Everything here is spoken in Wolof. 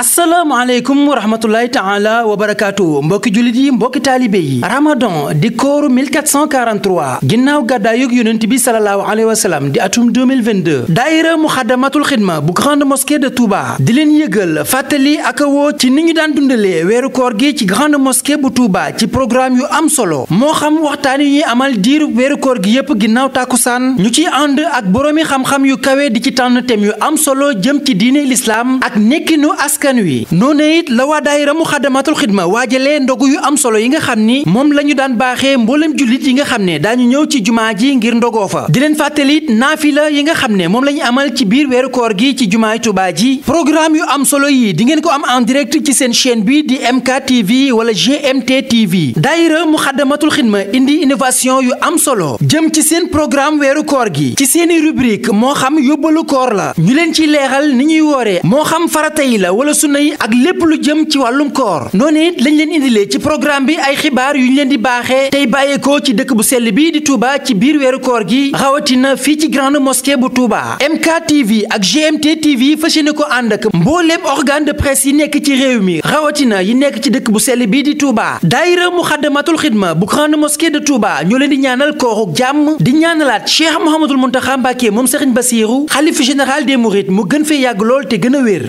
asalaamaaleykum wa rahmatulahi taala wa barakaatu mbokki jullit yi mbokki taalibe yi ramadan di kooru 1443 ginnaaw gàddaayug yonent bi salallaahu alayhi wa salaam di atum 2022 daayira muxaddamatul xidma bu grande mosquée de Touba di leen yëgal fàttali ak woo ci ni ñu daan dundalee weeru koor gi ci grande mosquée bu Touba ci programme yu am solo moo xam waxtaan yi ñuy amal diir weeru koor gi yépp ginnaaw saan ñu ci ànd ak boroomi xam-xam yu kawe di ci tànn tem yu am solo jëm ci diine lislaam ak nekkinu askan askan wi noonee it la waa daayira mu xadamatul xidma waajalee ndogu yu am solo yi nga xam ni moom la ñu daan baaxee mboolem jullit yi nga xam ne daañu ñëw ci jumaa ji ngir ndogoo fa di leen fàttali it naafila yi nga xam ne moom la ñu amal ci biir weeru koor gi ci jumaay Tuubaa ji programme yu am solo yi di ngeen ko am en direct ci seen chaîne bi di MK TV wala GMT TV daayira mu xadamatul xidma indi innovation yu am solo jëm ci seen programme weeru koor gi ci seeni rubrique moo xam yóbbalu koor la la sunna yi ak lépp lu jëm ci wàllum koor noonu it lañ leen indilee ci programme bi ay xibaar yu ñu leen di baaxee tey bàyyeekoo ci dëkk bu sell bii di Touba ci biir weeru koor gi rawatina fii ci grande mosquée bu Touba MKTV ak GMT TV fas yéene ko ànd ak mbooleem organe de presse yi nekk ci réew mi rawatina yi nekk ci dëkk bu sell bii di Touba mu Muxaddamatul Xidma bu grande mosquée de Touba ñoo leen di ñaanal kooruk jàmm di ñaanalaat Cheikh Mouhamadoul Mountakha Mbacké moom Serigne Bassirou xalifa général des Mourides mu gën fee yàgg lool te gën a wér